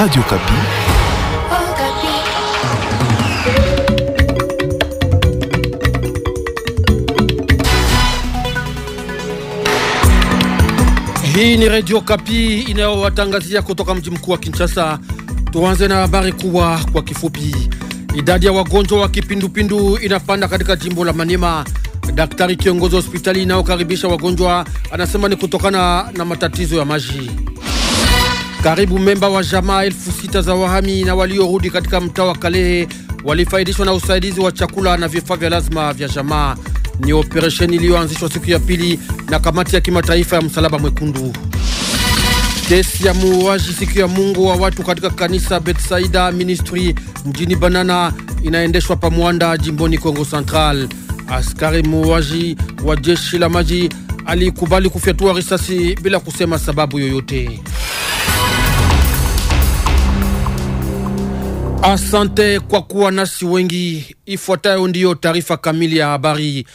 Radio Kapi. Hii ni Radio Kapi inayowatangazia kutoka mji mkuu wa Kinshasa. Tuanze na habari kubwa kwa kifupi. Idadi ya wagonjwa wa kipindupindu inapanda katika jimbo la manema Daktari kiongozi wa hospitali inayokaribisha wagonjwa anasema ni kutokana na matatizo ya maji. Karibu memba wa jamaa elfu sita za wahami na waliorudi katika mtaa wa Kalehe walifaidishwa na usaidizi wa chakula na vifaa vya lazima vya jamaa. Ni operesheni iliyoanzishwa siku ya pili na kamati ya kimataifa ya msalaba mwekundu. Kesi ya muuaji siku ya Mungu wa watu katika kanisa Betsaida Ministry mjini Banana inaendeshwa pa Mwanda jimboni Kongo Central. Askari muuaji wa jeshi la maji alikubali kufyatua risasi bila kusema sababu yoyote. Asante kwa kuwa nasi wengi. Ifuatayo ndiyo taarifa kamili ya habari.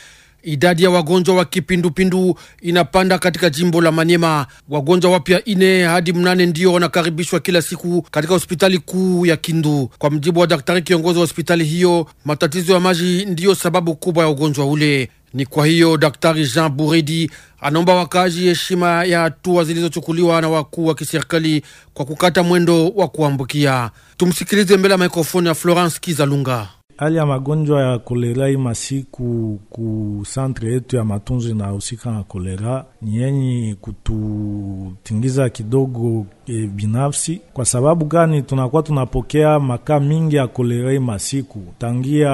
Idadi ya wagonjwa wa kipindupindu inapanda katika jimbo la Manyema. Wagonjwa wapya ine hadi mnane ndiyo wanakaribishwa kila siku katika hospitali kuu ya Kindu. Kwa mjibu wa daktari kiongozi wa hospitali hiyo, matatizo ya maji ndiyo sababu kubwa ya ugonjwa ule. Ni kwa hiyo Daktari Jean Buridi anaomba wakazi heshima ya hatua zilizochukuliwa na wakuu wa kiserikali kwa kukata mwendo wa kuambukia. Tumsikilize mbele ya mikrofoni ya Florence Kizalunga. Hali ya magonjwa ya kolera hii masiku ku santre yetu ya matunzo inahusika na kolera, ni yenye kututingiza kidogo e, binafsi. Kwa sababu gani? Tunakuwa tunapokea makaa mingi ya kolerei masiku tangia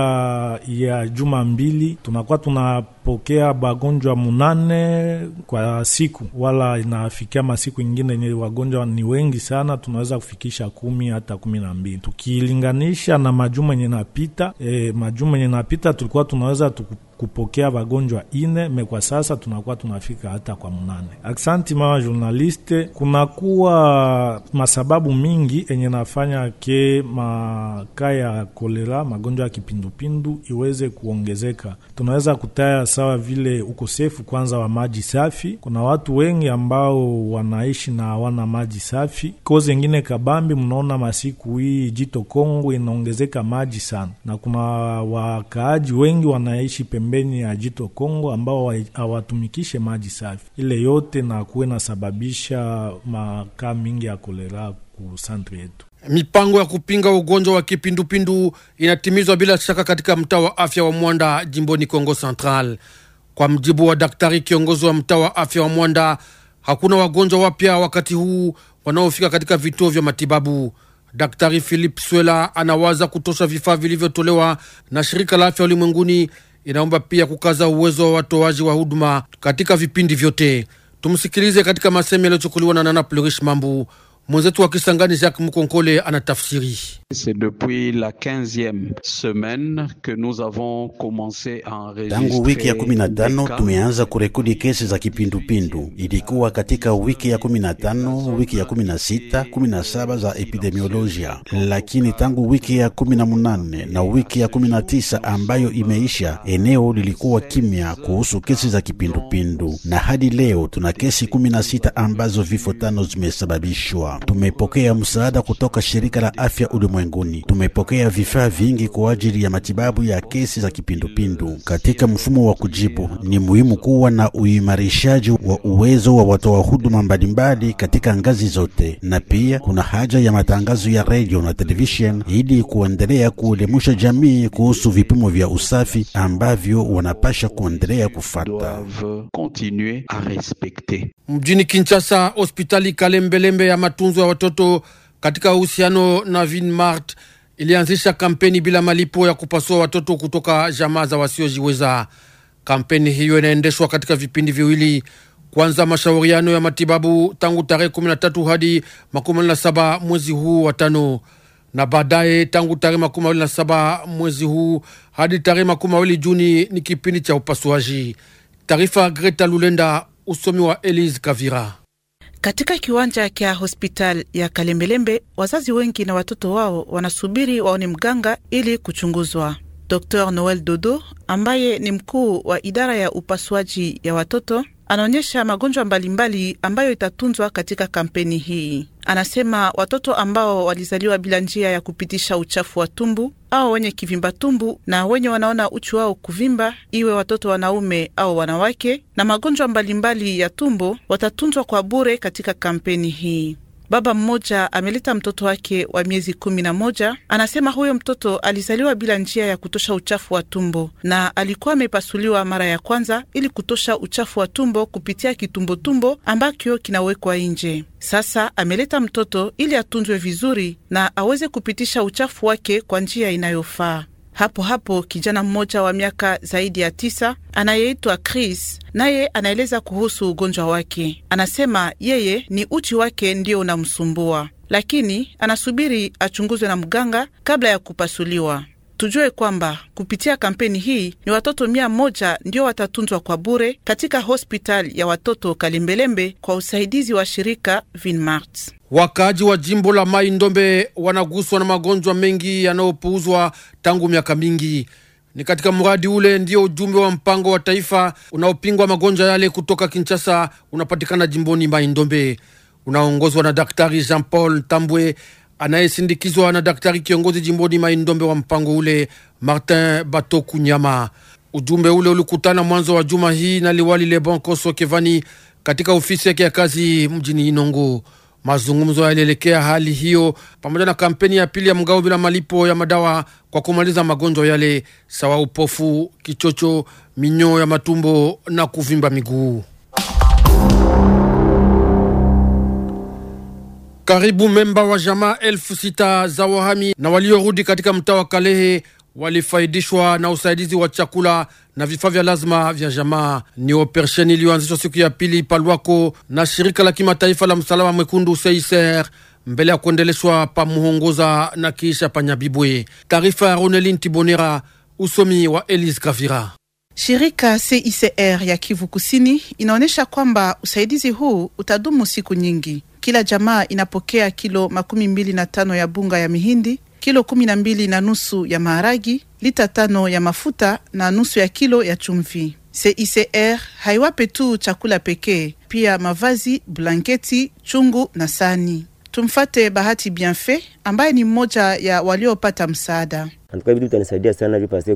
ya juma mbili, tunakuwa tunapokea bagonjwa munane kwa siku, wala inafikia masiku ingine ni wagonjwa ni wengi sana, tunaweza kufikisha kumi hata kumi na mbili tukilinganisha na majuma yenye napita. E, eh, majuma yenye napita tulikuwa tunaweza kupokea wagonjwa ine me kwa sasa tunakuwa tunafika hata kwa mnane. Aksanti mama journaliste, kunakuwa masababu mingi enye nafanya ke maka ya kolera, magonjwa ya kipindupindu iweze kuongezeka. Tunaweza kutaya sawa vile ukosefu kwanza wa maji safi. Kuna watu wengi ambao wanaishi na hawana maji safi. Kozi ingine kabambi, mnaona masiku hii jito Kongo inaongezeka maji sana, na kuna wakaaji wengi wanaishi pembe pembeni ya jito Kongo ambao hawatumikishe maji safi. Ile yote na kuwe nasababisha makaa mingi ya kolera ku santri yetu. Mipango ya kupinga ugonjwa wa kipindupindu inatimizwa bila shaka katika mtaa wa afya wa Mwanda jimboni Kongo Central. Kwa mjibu wa daktari kiongozi wa mtaa wa afya wa Mwanda, hakuna wagonjwa wapya wakati huu wanaofika katika vituo vya matibabu. Daktari Philip Swela anawaza kutosha vifaa vilivyotolewa na shirika la afya ulimwenguni inaomba pia kukaza uwezo wa watoaji wa huduma katika vipindi vyote. Tumsikilize katika masemi yaliyochukuliwa na Nana Plurish Mambu, Mwenzetu wa Kisangani Jacques Mukonkole anatafsiri. Tangu wiki ya 15 tumeanza kurekodi kesi za kipindupindu. Ilikuwa katika wiki ya 15, wiki ya 16, 17 za epidemiolojia, lakini tangu wiki ya 18 na wiki ya 19 ambayo imeisha, eneo lilikuwa kimya kuhusu kesi za kipindupindu, na hadi leo tuna kesi 16 ambazo vifo tano zimesababishwa. Tumepokea msaada kutoka shirika la afya ulimwenguni. Tumepokea vifaa vingi kwa ajili ya matibabu ya kesi za kipindupindu. Katika mfumo wa kujibu, ni muhimu kuwa na uimarishaji wa uwezo wa watoa huduma mbalimbali katika ngazi zote, na pia kuna haja ya matangazo ya radio na television ili kuendelea kuelimisha jamii kuhusu vipimo vya usafi ambavyo wanapasha kuendelea kufata Mjini Kinshasa, hospitali Kalembelembe ya matu matunzo ya watoto katika uhusiano na Vinmart ilianzisha kampeni bila malipo ya kupasua watoto kutoka jamaa za wasiojiweza. Kampeni hiyo inaendeshwa katika vipindi viwili, kwanza mashauriano ya matibabu tangu tarehe 13 hadi 17 mwezi huu wa tano, na baadaye tangu tarehe 27 mwezi huu hadi tarehe 20 Juni ni kipindi cha upasuaji. Taarifa Greta Lulenda, usomi wa Elise Kavira. Katika kiwanja kya hospitali ya Kalembelembe, wazazi wengi na watoto wao wanasubiri waone mganga ili kuchunguzwa. Dr Noel Dodo ambaye ni mkuu wa idara ya upasuaji ya watoto anaonyesha magonjwa mbalimbali ambayo itatunzwa katika kampeni hii. Anasema watoto ambao walizaliwa bila njia ya kupitisha uchafu wa tumbu au wenye kivimba tumbu na wenye wanaona uchu wao kuvimba, iwe watoto wanaume au wanawake, na magonjwa mbalimbali ya tumbo watatunzwa kwa bure katika kampeni hii. Baba mmoja ameleta mtoto wake wa miezi kumi na moja. Anasema huyo mtoto alizaliwa bila njia ya kutosha uchafu wa tumbo na alikuwa amepasuliwa mara ya kwanza ili kutosha uchafu wa tumbo kupitia kitumbotumbo ambacho kinawekwa nje. Sasa ameleta mtoto ili atunzwe vizuri na aweze kupitisha uchafu wake kwa njia inayofaa. Hapo hapo kijana mmoja wa miaka zaidi ya tisa anayeitwa Chris naye anaeleza kuhusu ugonjwa wake. Anasema yeye ni uchi wake ndio unamsumbua, lakini anasubiri achunguzwe na mganga kabla ya kupasuliwa. Tujue kwamba kupitia kampeni hii ni watoto mia moja ndio watatunzwa kwa bure katika hospitali ya watoto Kalembelembe kwa usaidizi wa shirika Vinmart. Wakaaji wa jimbo la Mai Ndombe wanaguswa na magonjwa mengi yanayopuuzwa tangu miaka mingi. Ni katika mradi ule ndio ujumbe wa mpango wa taifa unaopingwa magonjwa yale kutoka Kinshasa unapatikana jimboni Mai Ndombe, unaongozwa na Daktari Jean Paul Tambwe anayesindikizwa na daktari kiongozi jimboni Maindombe wa mpango ule Martin Batoku Nyama. Ujumbe ule ulikutana mwanzo wa juma hii na liwali Lebon Koso Kevani katika ofisi yake ya kazi mjini Inongo. Mazungumzo yalielekea hali hiyo pamoja na kampeni ya pili ya mgao bila malipo ya madawa kwa kumaliza magonjwa yale sawa upofu, kichocho, minyoo ya matumbo na kuvimba miguu. Karibu memba wa jamaa elfu sita za wahami na waliorudi katika mtaa wa Kalehe walifaidishwa na usaidizi wa chakula na vifaa vya lazima vya jamaa. Ni operesheni iliyoanzishwa siku ya pili Palwako na shirika la kimataifa la msalaba mwekundu CICR mbele ya kuendeleshwa Pamuhongoza na kiisha Panyabibwe. Taarifa ya Ronelin Tibonera, usomi wa Elise kavira Shirika CICR ya Kivu Kusini inaonyesha kwamba usaidizi huu utadumu siku nyingi. Kila jamaa inapokea kilo makumi mbili na tano ya bunga ya mihindi, kilo kumi na mbili na nusu ya maharagi, lita tano ya mafuta na nusu ya kilo ya chumvi. CICR haiwape tu chakula pekee, pia mavazi, blanketi, chungu na sani. Tumfate Bahati Bienfait ambaye ni mmoja ya waliopata msaada. Antuka vitu sana juu pasi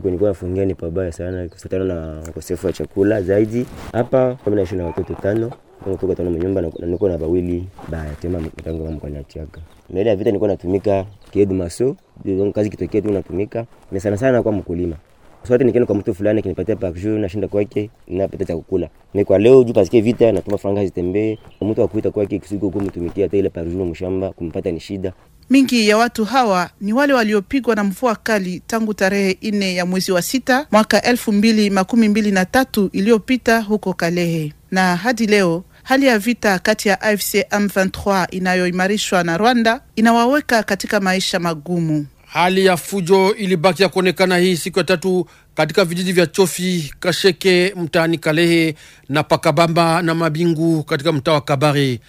ni pabaya sana kusutana na ukosefu wa chakula zaidi. Hapa kama naishi na watoto tano nilikuwa kwa nyumba na niko na bawili ba tena mtango mama kwa niachiaga. Na ile vita niko natumika kiedi maso, ndio kazi kitokea tu natumika. Na sana sana kwa mkulima. Sote nikienda kwa mtu fulani akinipatia pack juu na shinda kwake napata cha kukula. Ni kwa leo juu pasikie vita na tuma franga zitembee. Mtu akuita kwake kisiko kisiku mtumikia hata ile pack juu mshamba kumpata ni shida. Mingi ya watu hawa ni wale waliopigwa na mvua kali tangu tarehe ine ya mwezi wa sita mwaka elfu mbili makumi mbili na tatu iliyopita huko Kalehe na hadi leo hali ya vita kati ya AFC M23 inayoimarishwa na Rwanda inawaweka katika maisha magumu. Hali ya fujo ilibaki ya kuonekana hii siku ya tatu katika vijiji vya Chofi, Kasheke mtaani Kalehe na Pakabamba na Mabingu katika mtaa wa kabari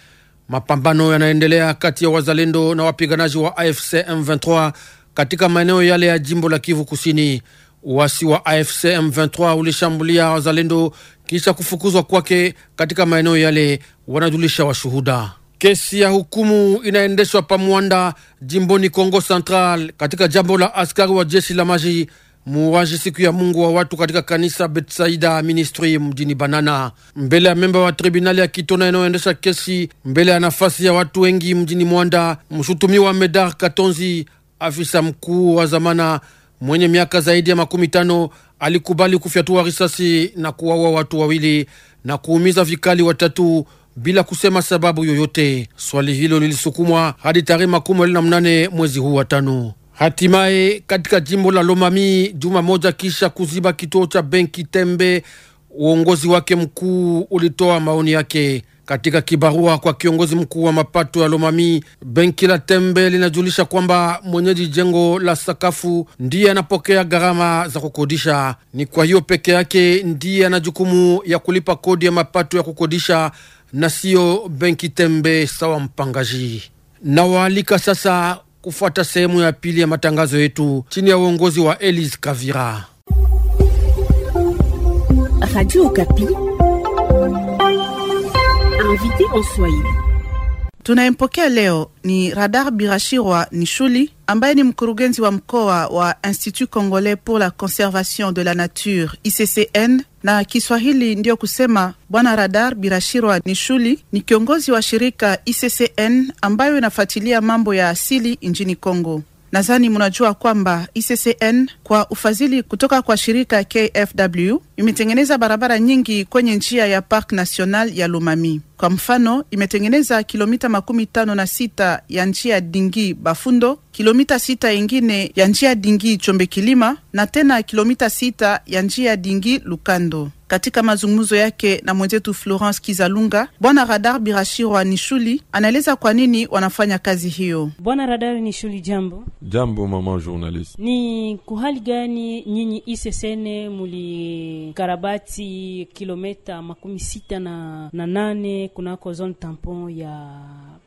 Mapambano yanaendelea kati ya wazalendo na wapiganaji wa AFC M23 katika maeneo yale ya jimbo la Kivu Kusini. Uasi wa AFC M23 ulishambulia wazalendo kisha kufukuzwa kwake katika maeneo yale, wanajulisha washuhuda. Kesi ya hukumu inaendeshwa Pamwanda, jimboni Kongo Central, katika jambo la askari wa jeshi la maji muuaji siku ya Mungu wa watu katika kanisa Betsaida Ministry mjini Banana, mbele ya memba wa tribunali ya Kitona inayoendesha kesi, mbele ya nafasi ya watu wengi mjini Mwanda. Mshutumiwa Medar Katonzi, afisa mkuu wa zamana mwenye miaka zaidi ya makumi tano alikubali kufyatua risasi na kuwaua watu wawili na kuumiza vikali watatu bila kusema sababu yoyote. Swali hilo lilisukumwa hadi tarehe makumi mbili na mnane mwezi huu wa tano. Hatimaye katika jimbo la Lomami, juma moja kisha kuziba kituo cha benki Tembe, uongozi wake mkuu ulitoa maoni yake. Katika kibarua kwa kiongozi mkuu wa mapato ya Lomami, benki la Tembe linajulisha kwamba mwenyeji jengo la sakafu ndiye anapokea gharama za kukodisha. Ni kwa hiyo peke yake ndiye ana jukumu ya kulipa kodi ya mapato ya kukodisha na siyo benki Tembe sawa mpangaji. Nawaalika sasa kufuata sehemu ya pili ya matangazo yetu chini ya uongozi wa Elise Kavira. Radio invité en Swahili. Tunayempokea leo ni Radar Birashirwa Nishuli ambaye ni mkurugenzi wa mkoa wa Institut Congolais pour la Conservation de la Nature ICCN na Kiswahili ndiyo kusema. Bwana Radar Birashirwa Nishuli ni kiongozi wa shirika ICCN ambayo inafuatilia mambo ya asili nchini Kongo. Nadhani mnajua kwamba ICCN kwa ufadhili kutoka kwa shirika KfW imetengeneza barabara nyingi kwenye njia ya Park National ya Lomami. Kwa mfano, imetengeneza kilomita makumi tano na sita ya njia Dingi Bafundo, kilomita sita ingine ya njia Dingi Chombe Kilima na tena kilomita sita ya njia Dingi Lukando. Katika mazungumzo yake na mwenzetu Florence Kizalunga, Bwana Radar Birashirwa Nishuli anaeleza kwa nini wanafanya kazi hiyo. Bwana Radar Nishuli, jambo. Jambo mama journalist. Ni kuhali gani nyinyi isesene muli karabati kilometa makumi sita na, na nane kunako zone tampon ya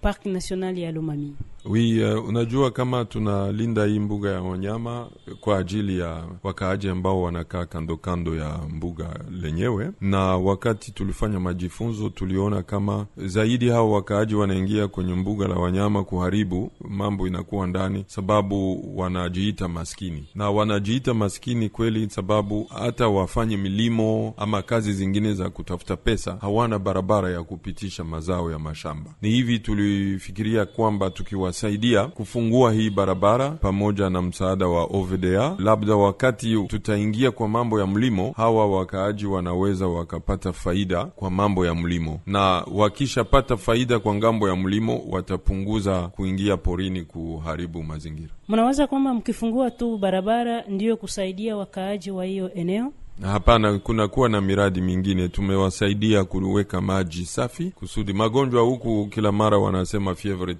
park national ya Lomami. Wi, uh, unajua kama tunalinda hii mbuga ya wanyama kwa ajili ya wakaaji ambao wanakaa kando kando ya mbuga lenyewe, na wakati tulifanya majifunzo tuliona kama zaidi hao wakaaji wanaingia kwenye mbuga la wanyama kuharibu mambo inakuwa ndani, sababu wanajiita maskini, na wanajiita maskini kweli, sababu hata wafanye milimo ama kazi zingine za kutafuta pesa, hawana barabara ya kupitisha mazao ya mashamba. Ni hivi tulifikiria kwamba tukiwa kuwasaidia kufungua hii barabara pamoja na msaada wa OVDA. Labda wakati tutaingia kwa mambo ya mlimo, hawa wakaaji wanaweza wakapata faida kwa mambo ya mlimo, na wakishapata faida kwa ngambo ya mlimo watapunguza kuingia porini kuharibu mazingira. Mnaweza kwamba mkifungua tu barabara ndiyo kusaidia wakaaji wa hiyo eneo. Hapana, kunakuwa na miradi mingine tumewasaidia kuweka maji safi kusudi magonjwa huku kila mara wanasema fievre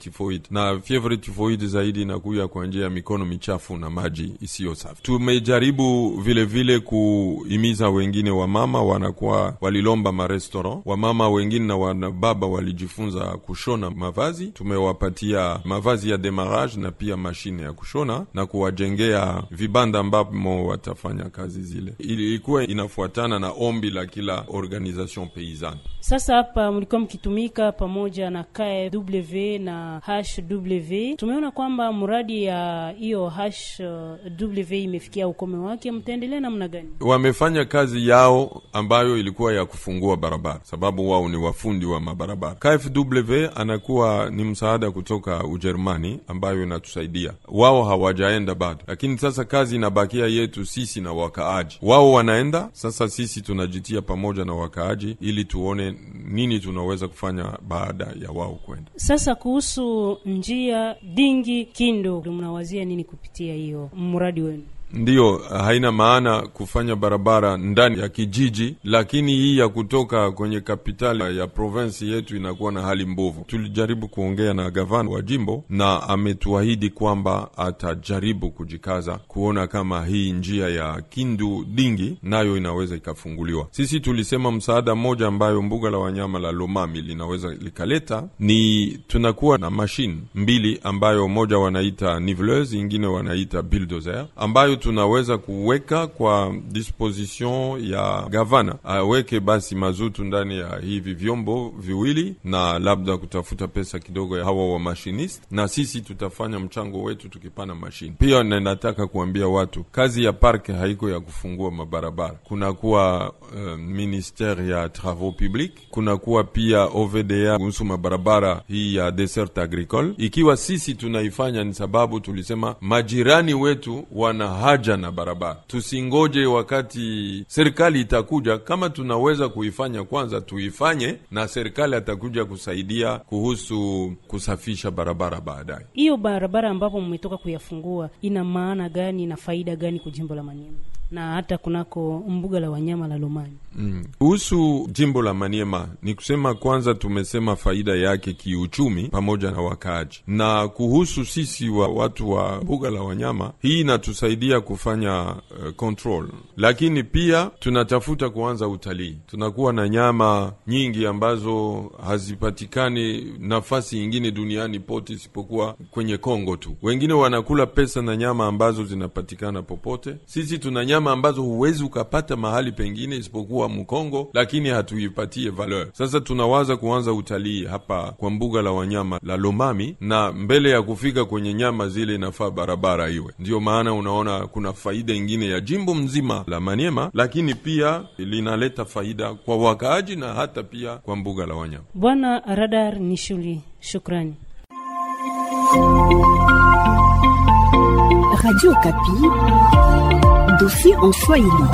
na fievre zaidi inakuya kwa njia ya mikono michafu na maji isiyo safi. Tumejaribu vilevile vile kuhimiza wengine, wamama wanakuwa walilomba marestoran, wamama wengine na wanababa walijifunza kushona mavazi. Tumewapatia mavazi ya demarage na pia mashine ya kushona na kuwajengea vibanda ambamo watafanya kazi zile Ili ilikuwa inafuatana na ombi la kila organization paysanne. Sasa hapa mlikuwa mkitumika pamoja na KFW na HW, tumeona kwamba mradi ya hiyo HW imefikia ukome wake, mtaendelea namna gani? Wamefanya kazi yao ambayo ilikuwa ya kufungua barabara, sababu wao ni wafundi wa mabarabara. KFW anakuwa ni msaada kutoka Ujerumani ambayo inatusaidia wao, hawajaenda bado, lakini sasa kazi inabakia yetu sisi na wakaaji wao wana tunaenda sasa. Sisi tunajitia pamoja na wakaaji ili tuone nini tunaweza kufanya baada ya wao kwenda. Sasa kuhusu njia Dingi Kindo, mnawazia nini kupitia hiyo mradi wenu? ndiyo haina maana kufanya barabara ndani ya kijiji, lakini hii ya kutoka kwenye kapitali ya provensi yetu inakuwa na hali mbovu. Tulijaribu kuongea na gavana wa jimbo na ametuahidi kwamba atajaribu kujikaza kuona kama hii njia ya Kindu Dingi nayo inaweza ikafunguliwa. Sisi tulisema msaada mmoja ambayo mbuga la wanyama la Lomami linaweza likaleta ni tunakuwa na mashine mbili ambayo moja wanaita niveleuse, ingine wanaita bildoser ambayo tunaweza kuweka kwa disposition ya gavana aweke basi mazutu ndani ya hivi vyombo viwili, na labda kutafuta pesa kidogo ya hawa wa mashinist, na sisi tutafanya mchango wetu tukipana mashini pia. nataka kuambia watu kazi ya parke haiko ya kufungua mabarabara, kunakuwa uh, eh, ministere ya travaux public, kunakuwa pia OVDA kuhusu mabarabara hii ya desert agricole. Ikiwa sisi tunaifanya ni sababu tulisema majirani wetu wana haja na barabara. Tusingoje wakati serikali itakuja. Kama tunaweza kuifanya kwanza, tuifanye na serikali atakuja kusaidia kuhusu kusafisha barabara baadaye. Hiyo barabara ambapo mmetoka kuyafungua ina maana gani na faida gani kwa jimbo la Manyema? na hata kunako mbuga la wanyama la Lomani. Mm. Kuhusu mm, jimbo la Maniema ni kusema kwanza, tumesema faida yake kiuchumi pamoja na wakaaji, na kuhusu sisi wa watu wa mbuga la wanyama, hii inatusaidia kufanya uh, control, lakini pia tunatafuta kuanza utalii. Tunakuwa na nyama nyingi ambazo hazipatikani nafasi nyingine duniani pote isipokuwa kwenye Kongo tu. Wengine wanakula pesa na nyama ambazo zinapatikana popote, sisi tuna nyama nyama ambazo huwezi ukapata mahali pengine isipokuwa Mkongo, lakini hatuipatie valeur. Sasa tunawaza kuanza utalii hapa kwa mbuga la wanyama la Lomami, na mbele ya kufika kwenye nyama zile inafaa barabara iwe. Ndiyo maana unaona kuna faida ingine ya jimbo mzima la Maniema, lakini pia linaleta faida kwa wakaaji na hata pia kwa mbuga la wanyama. Bwana Radar Nishuli, shukrani. Radio Kapi, dossier en Swahili.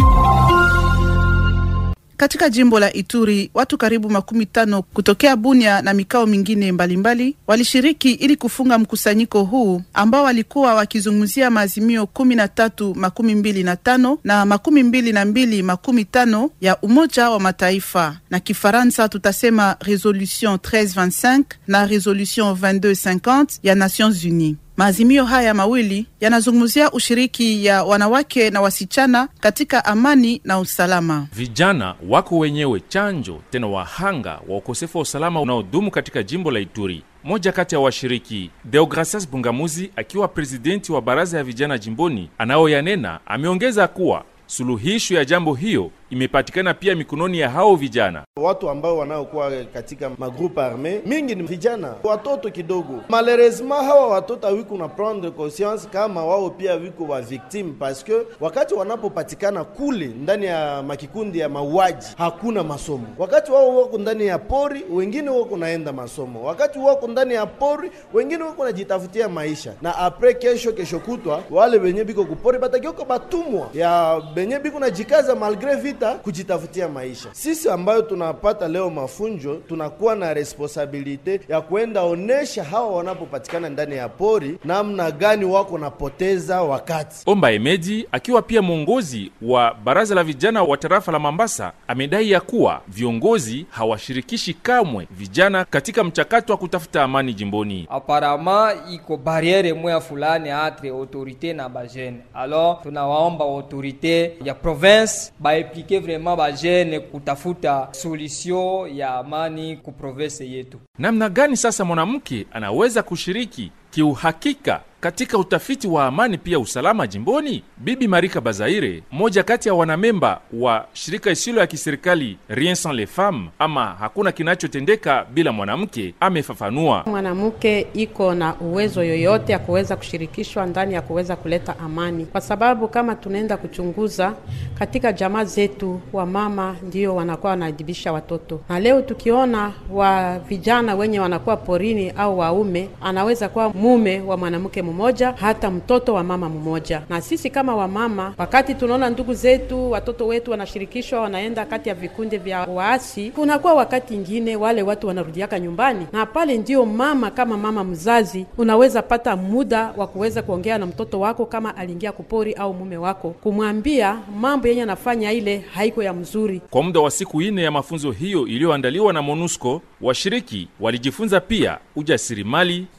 Katika jimbo la Ituri, watu karibu makumi tano kutokea Bunia na mikao mingine mbalimbali walishiriki ili kufunga mkusanyiko huu ambao walikuwa wakizungumzia maazimio kumi na tatu makumi mbili na tano na makumi mbili na mbili makumi tano ya Umoja wa Mataifa na Kifaransa tutasema resolution 1325 na resolution 2250 ya Nations Unies. Maazimio haya mawili yanazungumzia ushiriki ya wanawake na wasichana katika amani na usalama. Vijana wako wenyewe chanjo tena wahanga wa ukosefu wa usalama unaodumu katika jimbo la Ituri. Moja kati ya washiriki Deogracias Bungamuzi, akiwa presidenti wa baraza ya vijana jimboni, anayoyanena ameongeza kuwa suluhisho ya jambo hiyo imepatikana pia mikononi ya hao vijana. Watu ambao wanaokuwa katika magrupe arme mingi ni vijana, watoto kidogo. Malheureusement hawa watoto awiko na prendre conscience kama wao pia wiko wa victime, paske wakati wanapopatikana kule ndani ya makikundi ya mauaji hakuna masomo. Wakati wao wako ndani ya pori, wengine wako naenda masomo. Wakati wako ndani ya pori, wengine wako najitafutia maisha, na apre kesho kesho kutwa wale wenye biko kupori batakioko batumwa ya benye biko najikaza malgre vita hata kujitafutia maisha. Sisi ambayo tunapata leo mafunjo, tunakuwa na responsabilite ya kuenda onesha hawa wanapopatikana ndani ya pori namna gani wako napoteza wakati. Omba Emeji akiwa pia mwongozi wa baraza la vijana wa tarafa la Mambasa amedai ya kuwa viongozi hawashirikishi kamwe vijana katika mchakato wa kutafuta amani jimboni. Aparama iko bariere moya fulani atre autorite na bajene, alors tunawaomba autorite ya province baepi baimplike vraiment bajene kutafuta solusio ya amani ku province yetu. Namna gani sasa mwanamke anaweza kushiriki kiuhakika katika utafiti wa amani pia usalama jimboni. Bibi Marika Bazaire, mmoja kati ya wanamemba wa shirika isilo ya kiserikali Rien Sans Les Femmes, ama hakuna kinachotendeka bila mwanamke, amefafanua mwanamke iko na uwezo yoyote ya kuweza kushirikishwa ndani ya kuweza kuleta amani, kwa sababu kama tunaenda kuchunguza katika jamaa zetu, wamama ndio wanakuwa wanaadibisha watoto, na leo tukiona wa vijana wenye wanakuwa porini au waume, anaweza kuwa mume wa mwanamke mmoja hata mtoto wa mama mmoja. Na sisi kama wamama, wakati tunaona ndugu zetu, watoto wetu wanashirikishwa, wanaenda kati ya vikundi vya waasi, kunakuwa wakati ingine wale watu wanarudiaka nyumbani, na pale ndio mama kama mama mzazi unaweza pata muda wa kuweza kuongea na mtoto wako kama aliingia kupori au mume wako, kumwambia mambo yenye anafanya ile haiko ya mzuri. Kwa muda wa siku ine ya mafunzo hiyo iliyoandaliwa na MONUSCO, washiriki walijifunza pia ujasiri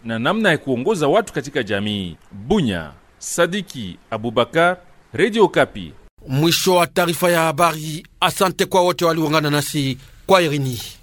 na namna ya kuongoza watu katika jamii jamii. Bunya, Sadiki Abubakar, Radio Kapi. Mwisho wa taarifa ya habari. Asante kwa wote waliungana nasi kwa Irini.